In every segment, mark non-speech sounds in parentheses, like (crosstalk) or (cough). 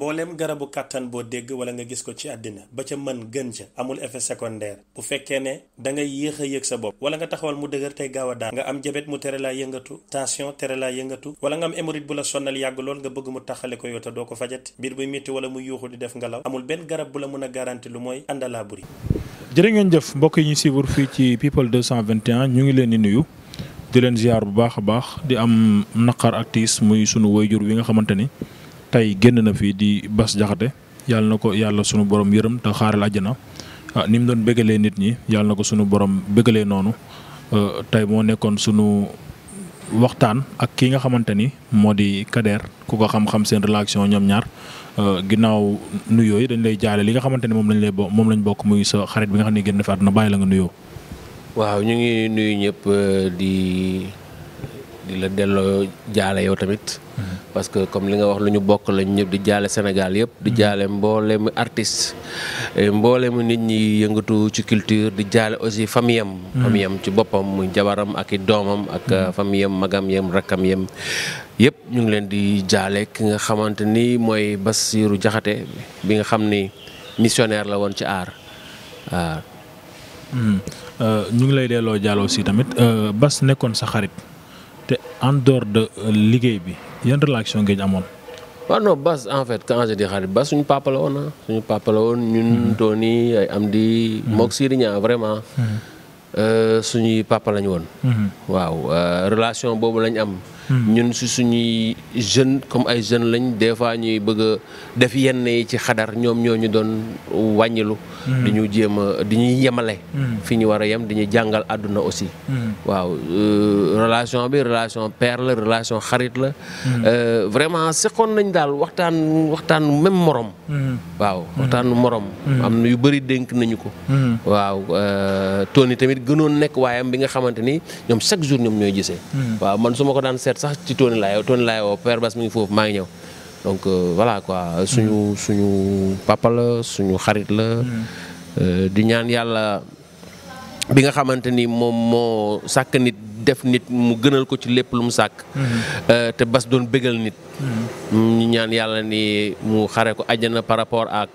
mbooleem garabu kàttan boo dégg wala nga gis ko ci àddina ba ca man gën ca amul effet secondaire bu fekkee ne da nga yéex a yëg sa bopp wala nga taxawal mu dëgër tey gaaw a daan nga am jabet mu tere laa yëngatu tension tere laa nga am hémorroïde bu la sonnal yàgg lool nga bëgg mu taxale ko yow te doo ko fajat biir buy métti wala mu yuuxu di def ngelaw amul benn garab bu la mën a garanti lu mooy àndalaa buri jërë ngeen jëf mbokk yi ñu siiwur fii ci people 221 ñu ngi leen di nuyu di leen ziar bu baax a baax di am naqar ak tiis muy sunu wayjur wi nga xamante ni tey génn na fii di bas Jaxate yàlla na ko yàlla sunu borom yërëm te xaaral àjjana ah, ni mu doon bëggalee nit ñi yàlla na ko sunu borom bëggalee noonu euh, tey moo nekkoon sunu waxtaan ak ki nga xamante ni moo di Kader ku ko xam-xam seen relation ñoom ñaar euh, ginnaaw nuyoo yi dañ lay jaale li nga xamante ni moom lañ lay moom lañ bokk muy sa xarit bi nga xam ne génn na fi àdduna bàyyi la nga nuyoo. waaw ñu ngi nuyu ñëpp euh, di di la delloo jaale yow tamit. Mm-hmm. parce que comme li nga wax lu ñu bokk lañ ñëpp di jaale Sénégal yëpp di mm-hmm. jaale mboolemu artiste eh, mboolemu nit ñi yëngatu ci culture di jaale aussi famille am mm-hmm. ci boppam muy jabaram ak i doomam ak mm-hmm. uh, famille am magam yem rakkam yem yëpp ñu ngi leen di jaale ki nga xamante ni mooy Bassirou Diakhaté bi nga xam ni missionnaire la woon ci aar waaw uh, ñu ngi lay delloo jàll aussi tamit uh, bas nekkoon sa xarit en dehors de euh, liggéey bi yan relation ngeen amoon. waaw non Bas en fait quand je dis xarit Bas suñu papa la woon ah. suñu papa woon ñun mhm. Tony ay am di. moog mhm. Siriña vraiment. Mhm. Euh, suñuy papa lañu woon. waaw euh, relation boobu lañ am. Hmm. ñun si suñuy jeune comme ay jeunes lañ des fois ñuy bëgg a def yenn yi ci xadar ñoom ñoo ñu doon wàññilu hmm. di ñu jéem a di ñuy yemale hmm. fi ñu war a yem di ñu jàngal àdduna aussi waaw euh, relation bi relation père la relation xarit la euh, vraiment seqoon nañ daal waxtaan waxtaan même morom waaw waxtaan morom am yu bëri dénk nañu ko waaw euh, Tony tamit gënoon nekk waayam bi nga xamante ni ñoom chaque jour ñoom ñooy gisee waaw man su ko daan seet sax ci Tony Laye Tony Laye woo Père Bass mi ngi foofu maa ngi ñëw donc euh, voilà quoi suñu mm. suñu papa la suñu xarit la mm. euh, di ñaan yàlla bi nga xamante ni moom moo sàkk nit def nit mu gënal ko ci lépp lu mu sàkk mm. euh, te bas doon bégal nit ñu ñaan yàlla ni mu xare ko àjjana par rapport ak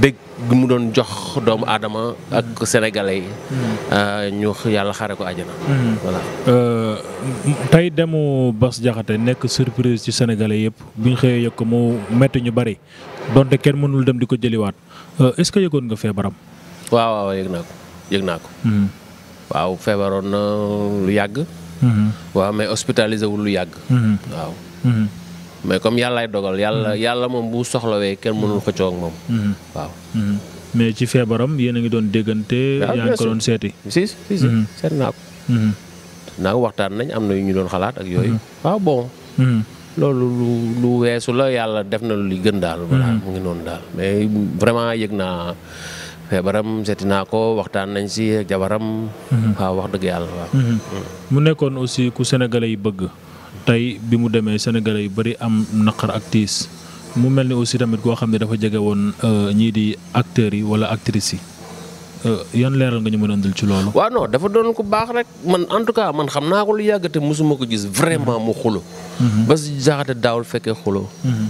bég gi mu doon jox doomu aadama ak sénégalais yi. Hmm. Euh, ñu yàlla xare ko àjjana. Hmm. voilà. Euh, tey demu Bass Diakhaté nekk surprise ci sénégalais yëpp bu ñu xëyee yëg ko mu metti ñu bari donte kenn mënul dem di ko jëliwaat euh, est-ce que yëgoon nga feebaram. waaw waaw yëg naa ko yëg naa ko. Hmm. waaw feebaroon na lu yàgg. waaw mais hospitalisé lu yàgg. waaw. mais comme yàllaay dogal yàlla mm-hmm. yàlla moom bu soxlawee kenn mënul xëccoo ak moom. Mm-hmm. waaw. Mm-hmm. mais ci feebaram yéen a ngi doon déggante. Ah, yaa ngi ko doon seeti. si si si naa ko. waxtaan nañ am na yu ñu doon xalaat ak yooyu. Ah, bon. loolu lu lu weesu la yàlla def na lu gën daal. mu ngi noonu mais vraiment yëg naa feebaram seeti naa ko waxtaan nañ si jabaram. waaw wax dëgg yàlla mm. mu nekkoon aussi ku sénégalais yi bëgg. tey bi mu demee sénégalais yu bëri am naqar ak mu mel ni aussi tamit koo xam ne dafa jege woon euh, ñii di acteurs yi wala actrices yi euh, yan leeral nga ñu mën a ci loolu. waaw non dafa doon ko baax rek man en tout cas man xam naa ko lu yàgg te mosuma ko gis vraiment mu xulo mhm. ba si jaxate daawul fekkee xulo mhm.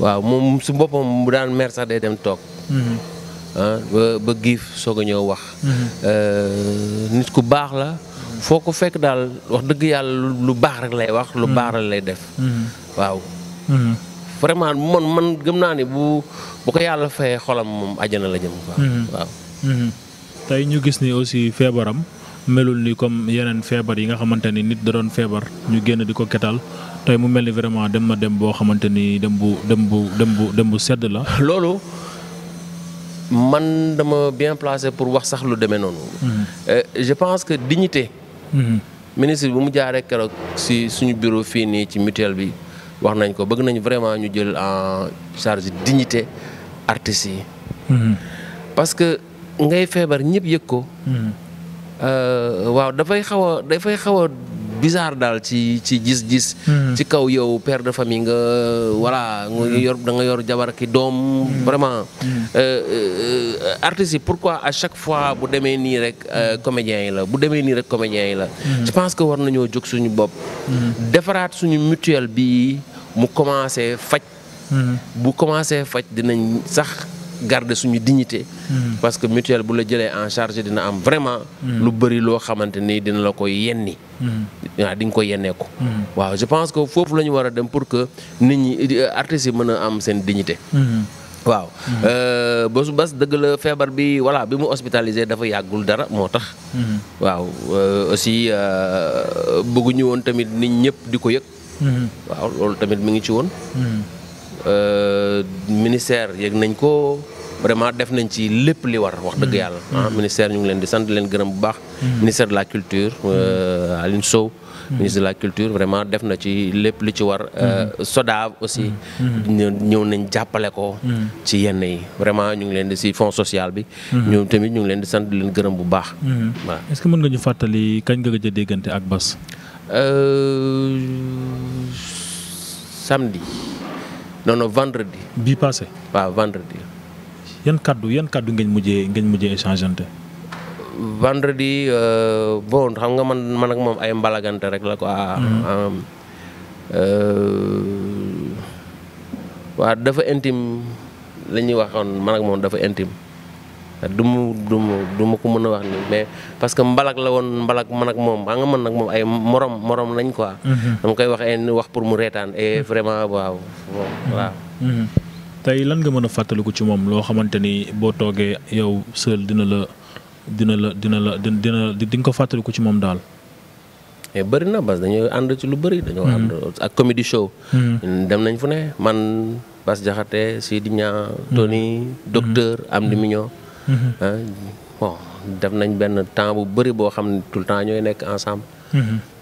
waaw moom su boppam mu daan mer sax day dem toog. Mhm. Ah, ba ba giif soog a ñëw wax. Euh, nit ku baax la. foo ko fekk daal wax dëgg yàlla lu baax rek lay wax. lu mm. baax rek lay def. Mm-hmm. waaw. Mm-hmm. vraiment man man gëm naa ni bu bu ko yàlla fayee xolam moom àjjana la jëm quoi. Mm-hmm. tey ñu gis ni aussi feebaram melul ni comme yeneen feebar yi nga xamante ni nit da doon feebar ñu génn di ko ketal tey mu mel ni vraiment dem ma dem boo xamante ni dem bu dem bu dem bu dem bu sedd la. (laughs) loolu man dama bien placé pour wax sax lu demee noonu. Euh, je pense que dignité ministre bi mu jaaree keroog si suñu bureau fii nii ci mutuelle bi wax nañ ko bëgg nañ vraiment ñu jël en charge dignité artistes yi. Mhm. parce que ngay feebar ñëpp yëg ko. Mhm. Euh, waaw dafay xaw a dafay xaw bizarre daal ci ci gis-gis. Hmm. ci kaw yow per de famille nga voilà nga hmm. yor da nga yor jabar doom. Hmm. vraiment euh, euh, artistes yi pourquoi à chaque fois bu demee nii rek euh, comédiens yi la bu demee nii rek comédiens yi la. je pense que war nañoo jóg suñu bopp. defaraat suñu mutuelle bi mu commencé faj. bu commencé faj dinañ sax. garder suñu dignité parce que mutuelle bu la jëlee en charge dina am vraiment lu bëri loo xamante ni dina la koy yenni waaw ah, di nga koy yenneeku mm-hmm. waaw je pense que foofu la ñu war a dem pour que nit ñi euh, artistes yi mën a am seen dignité mm-hmm. waaw mm-hmm. euh, basu bas dëgg la feebar bi voilà bi mu hospitalisé dafa yàggul dara moo tax waaw euh, aussi bëgguñu woon tamit nit ñëpp di ko yëg waaw loolu tamit mu ngi ci woon ministère yëg nañ ko vraiment def nañ ci lépp li war wax dëgg yàlla ah, ministère ñu ngi leen di sant leen gërëm bu baax ministère de la culture Aline Sow ministre de la culture vraiment def na ci lépp lu ci war. Euh, SODAV aussi. ñëw nañ jàppale ko. ci yenn yi vraiment ñu ngi leen di si fonds social bi. ñoom tamit ñu ngi leen di sant di leen gërëm bu baax. voilà que mën nga ñu fàttali kañ nga gëj a déggante ak Bass. Euh, samedi non non vendredi. bii passé. waaw vendredi. yan kaddu yan kàddu ngeen mujjee ngeen mujje échangeante. vendredi euh, bon xam nga man man ak moom ay mbalagante rek la quoi. Mm-hmm. Euh, waaw dafa intime la ñuy waxoon man ak moom dafa intime dumu mu du mu du ko mën a wax ni mais parce que mbalak la woon mbalak man ak moom xam nga man ak moom ay morom moroom lañ quoi. Mm-hmm. dama koy eh, wax pour mu reetaan et eh, mm-hmm. vraiment waaw waaw. tey lan nga mën a fàttaliku ci moom loo xamante ni boo toogee yow seul dina la. dina la dina la dina di nga ko fàttaliku ci moom daal. Eh, bëri na Bas dañuy ànd ci lu bëri. dañoo mhm. ànd ak comedy show. Mhm. dem nañ fu ne man Bas Jaxate Sidi Ñaa Tony mhm. docteur Amdi Mignon. Ah, bon def nañ benn temps bu bëri boo xam ne tout le temps ñooy nekk ensemble.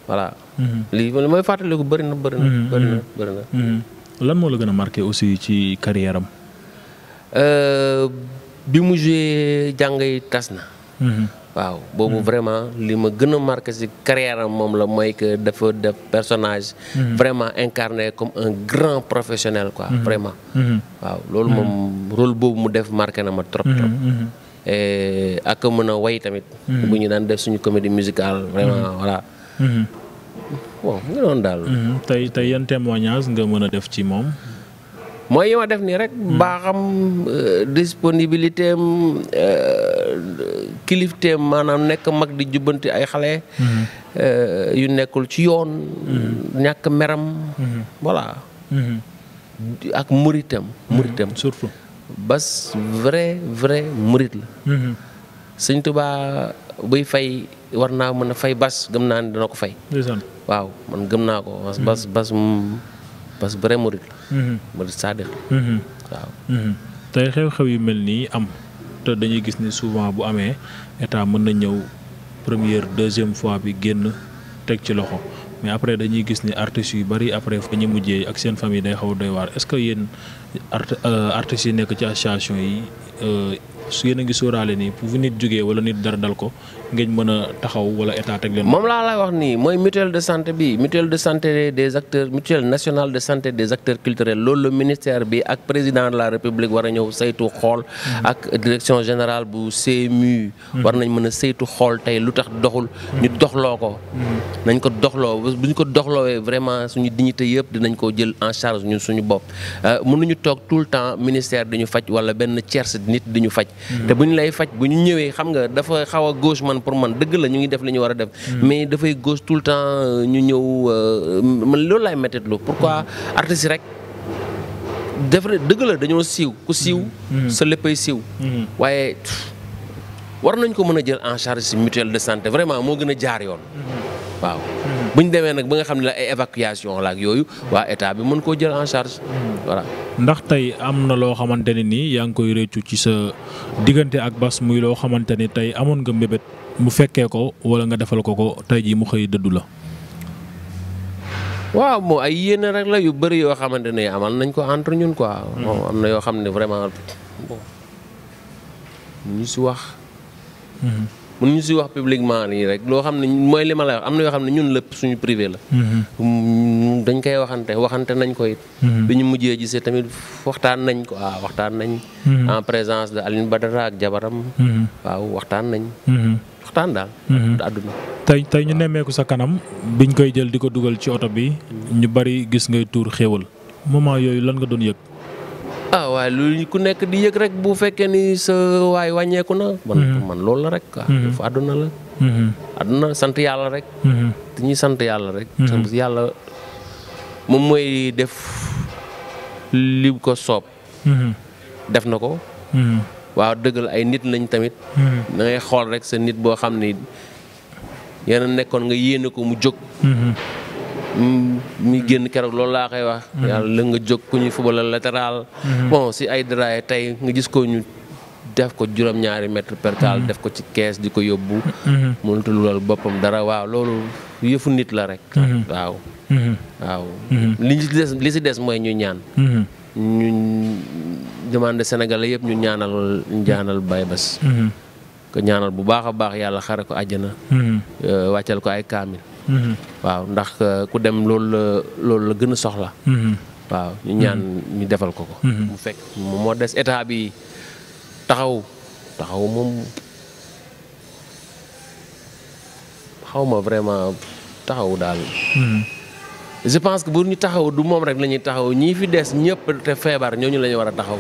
voilà. li li may fàttaliku bëri na bëri na. lan moo la gën a marqué aussi ci carrière am. Euh, bi mu joué yi tas na. waaw boobu hmm. vraiment li ma gën a marqué ci carrière am moom la mooy que dafa def personnage hmm. vraiment incarné comme un grand professionnel quoi hmm. vraiment waaw loolu moom rôle boobu mu def marqué na ma trop trop ak mën a way tamit bu ñu daan def suñu comédie musicale vraiment voilà bon nga doon daal tey tey yan témoignage nga mën a def ci moom mooy yi ma def nii rek. baaxam euh, disponibilité am euh, kilifteem maanaam nekk mag di jubbanti ay xale. Mm-hmm. Euh, yu nekkul ci yoon. Mm-hmm. ñàkk meram. Mm-hmm. voilà. ak muritam muritam surtout bas vrai vrai murit la. sëñ Tuubaa buy fay war naa mën a fay bas gëm naa ni dana ko fay. waaw man gëm naa ko bas bas. Mm. parce que vrai murit la. Mhm. Mhm. Mhm. tey xew-xew yu mel nii am te dañuy gis ni souvent bu amee état mën na ñëw première deuxième fois bi génn teg ci loxo mais après dañuy gis ni artistes yu bari après fa ñu mujjee ak seen famille day xaw doy waar est-ce que yéen euh, artistes yi nekk ci association yi. Euh, su yéen a ngi sóoraale nii bu nit jógee wala nit dara dal ko ngeen mën a taxaw wala état teg leen. moom laa lay wax nii mooy mutuelle de santé bi mutuelle de santé de santé des loolu la ministère bi ak président de la république war a ñëw saytu xool. ak direction générale bu CMU. war nañ mën a saytu xool tey lu tax doxul. ñu doxloo ko. nañ ko doxloo bu ñu ko doxloowee vraiment suñu dignité yëpp dinañ ko jël en charge ñun suñu bopp euh, mënuñu toog tout le temps ministère di ñu faj wala benn tiers nit di ñu faj. te bu ñu lay faj bu ñu ñëwee xam nga dafa xaw a man pour man dëgg la ñu ngi def li ñu war a def. Mm. mais dafay gauche tout temps euh, ñu ñëw euh, man loolu laay méttitlu pourquoi artiste rek. def dëgg la dañoo siiw ku siiw. Mm. Mm. sa léppay siiw. waaye war nañ ko mën a jël en charge si de santé vraiment moo gën a jaar yoon. Mm-hmm. waaw. bu ñu demee nag ba nga xam ne la ay évacuation la ak yooyu waaw état bi mën koo jël en charge voilà. ndax tey am na loo xamante ne nii yaa ngi koy réccu ci sa diggante ak Bass muy loo xamante ni tey amoon nga mbébét mu fekkee ko wala nga defal ko ko tey jii mu xëy dëddu la. waaw moo ay yéene rek la yu bari yoo xamante ne amal nañ ko entre ñun quoi. moom am na yoo xam ne vraiment bon ñu si wax. Hmm. mun ñu si wax publiquement nii rek loo xam ne mooy li ma lay am na yoo xam ne ñun lépp suñu privé la. Mhm. Mm, dañ koy waxante waxante nañ ko it. Mhm. bi ñu mujjee gisee tamit waxtaan nañ ko waaw waxtaan nañ. Mhm. en présence de Aline Badara ak jabaram. waaw waxtaan nañ. waxtaan daal. àdduna. tey tey ñu nemmeeku sa kanam biñ koy jël di ko dugal ci oto bi. ñu bari gis ngay tuur xéewal moment yooyu lan nga doon yëg. ah waaye lu ku nekk di yëg rek bu fekkee ni sa waay wàññeeku na. man mhm. loolu la rek quoi. Ah. Mhm. dafa àdduna la. Mhm. àdduna sant yàlla rek. te ñuy sant yàlla rek. sant moom mooy def li ko soob. def na ko. waaw dëggal ay nit lañ tamit. da xool rek sa nit boo xam ni yéen nekkoon nga yéene ko mu jóg. Mm, mi génn keroog loolu laa koy wax. Mm-hmm. yàlla la nga jóg ku ñuy football latéral. Mm-hmm. bon si ay draay tey nga gis ko ñu def ko juróom-ñaari mètre per mm-hmm. def ko ci kees di ko yóbbu. mënatu loolu boppam dara waaw loolu yëfu nit la rek. waaw. li ci li si des mooy ñu ñaan. ñu demande Sénégalais yëpp ñu ñaanal ñaanal Baye ko ñaanal bu baax a baax yàlla xare ko àjjana. Euh, wàccal ko ay kaamil. Mm-hmm. waaw ndax euh, ku dem loolu la loolu la gën a soxla. Mm-hmm. waaw ñu ñaan ñu defal ko ko. Mm-hmm. mu fekk moo des état bi taxaw taxaw moom xaw ma vraiment taxaw daal. je pense que bu ñu taxaw du moom rek la ñuy taxaw ñii fi des ñëpp te feebar ñooñu la ñu war a taxaw.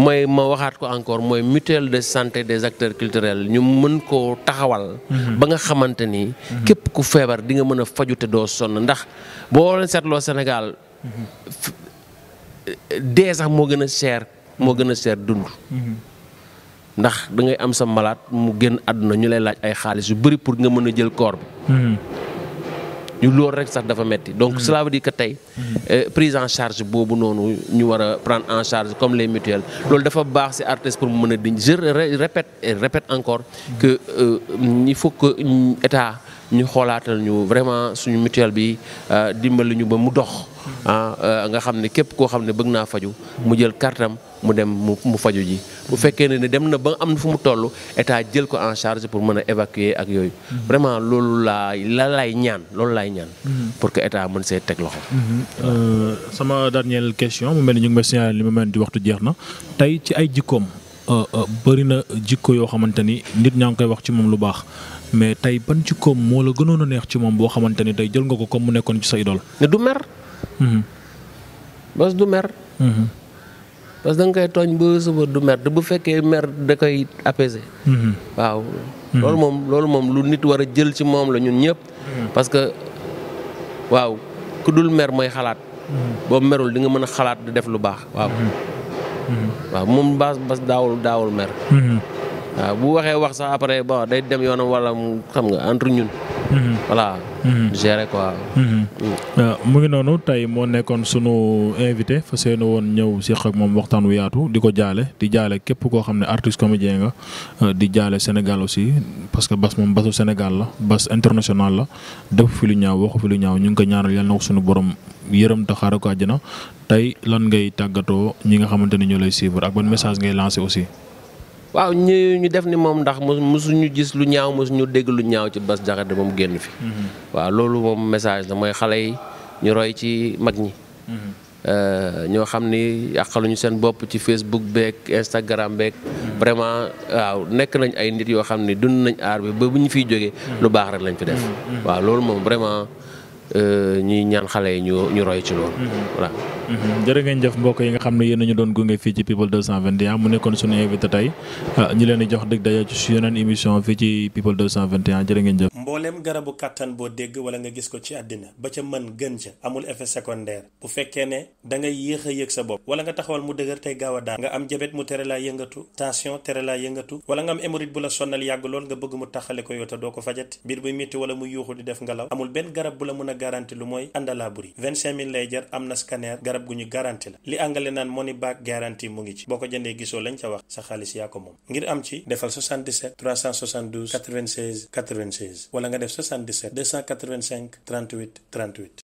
mooy ma waxaat ko encore mooy mutuel de santé des acteurs culturels ñu mën koo taxawal. Mhm. ba nga xamante ni. Mhm. képp ku feebar di nga mën a faju te doo sonn ndax boo leen seetloo Sénégal mhm. dee sax moo gën a cher moo gën a cher dund. ndax dangay am sa malaat mu gën àdduna ñu lay laaj ay xaalis yu bëri pour nga mën a jël koor bi. ñu loolu rek sax dafa metti donc mm. cela veut dire que tey mm. euh, prise en charge boobu noonu ñu war a prendre en charge comme les mutuelles loolu dafa baax ci artiste pour mu mën a diñ je répète et répète encore mm. que ñi euh, faut que état ñu xoolaatal ñu vraiment suñu mutuelle bi euh, dimbali ñu ba mu dox ah euh, nga xam ne képp koo xam ne bëgg naa faju mu jël kartam mu dem mu mu faju ji bu fekkee ne dem na ba am na fu mu toll état jël ko en charge pour mën a évacuer ak yooyu mhm. vraiment loolu laa la laay ñaan loolu laay ñaan mhm. pour que état mën see teg loxo mhm. euh, sama dernière question mu mel ni ñu ngi may signaler li ma mel di waxtu jeex na tey ci ay jikkoom euh, bëri na jikko yoo xamante ni nit ñaa ngi koy wax ci moom lu baax mais tey ban jikkoom moo la gënoon a neex ci moom boo xamante ni tey jël nga ko comme mu nekkoon ci sa idole Mhm. bés du mer. parce mhm. que koy tooñ ba suba du mer bu fekkee mer da koy apaiser. Mhm. waaw. loolu moom loolu lu nit war a jël ci moom la ñun ñëpp. parce que waaw ku dul mer mooy xalaat. boo merul di nga mën a xalaat di def lu baax waaw. waaw moom baas bas daawul daawul mer. waaw bu waxee wax sax après bon day dem yoonam wala xam nga entre ñun. Mhm. voilà. Mhm. gérer quoi. Mhm. Mm. Euh, mu ngi noonu tey moo nekkoon sunu invité fa seen woon ñëw si ak moom waxtaan wu yaatu di ko jaale di jaale képp koo xam ne artiste comédien nga euh, di jaale Sénégal aussi parce que bas moom basu Sénégal la bas international la def fi lu ñaaw waxu fi lu ñaaw ñu ngi ko ñaanal yal na ko sunu borom yërëm te xaaral ko na tey lan ngay tàggatoo ñi nga xamante ni ñoo lay suivre ak ban message ngay lancé aussi. waaw ñu ñu def ni moom ndax mosuñu gis lu ñaaw ñu dégg lu ñaaw ci bas Bass Diakhaté moom génn fii mm-hmm. waaw loolu moom message la mooy xale yi ñu roy ci mag ñi. Mm-hmm. Euh, ñoo xam ni yàqaluñu seen bopp ci Facebook beeg Instagram beeg. Mm-hmm. vraiment waaw nekk nañ ay nit yoo xam ni dund nañ aar bi ba bu ñu fiy jógee. lu baax rek lañ fi def. waaw loolu moom vraiment. Euh, ñuy ñaan xale yi ñu roy ci loolu. Mhm. voilà. Mhm. jërë jëf mbokk yi nga xam ne yéen ñu doon gunge fii ci people 221 mu nekkoon suñu invité tey ah, ñu leen di jox dig daje ci yeneen émission fii ci people 221 jërë jëf. mbooleem garabu kàttan boo dégg wala nga gis ko ci àddina ba ca mën gën ca amul effet secondaire bu fekkee ne da ngay yéex a yëg sa bopp wala nga taxawal mu dëgër tey gaaw a daan nga am jabet mu tere laa yëngatu tension tere laa yëngatu wala nga am hémorroïde bu la sonnal yàgg lool nga bëgg mu taxale ko ko fajat biir buy métti mu yuuxu di def garanti lu mooy àndalaa buri vingt cinq mille lay jar am na scanner garab gu ñu garanti la li angale naan money back garanti mu ngi ci boo ko jëndee gisoo lañ ca wax sa xaalis yaa ko moom ngir am ci defal 77 372 96 96 wala nga def 77 285 38 38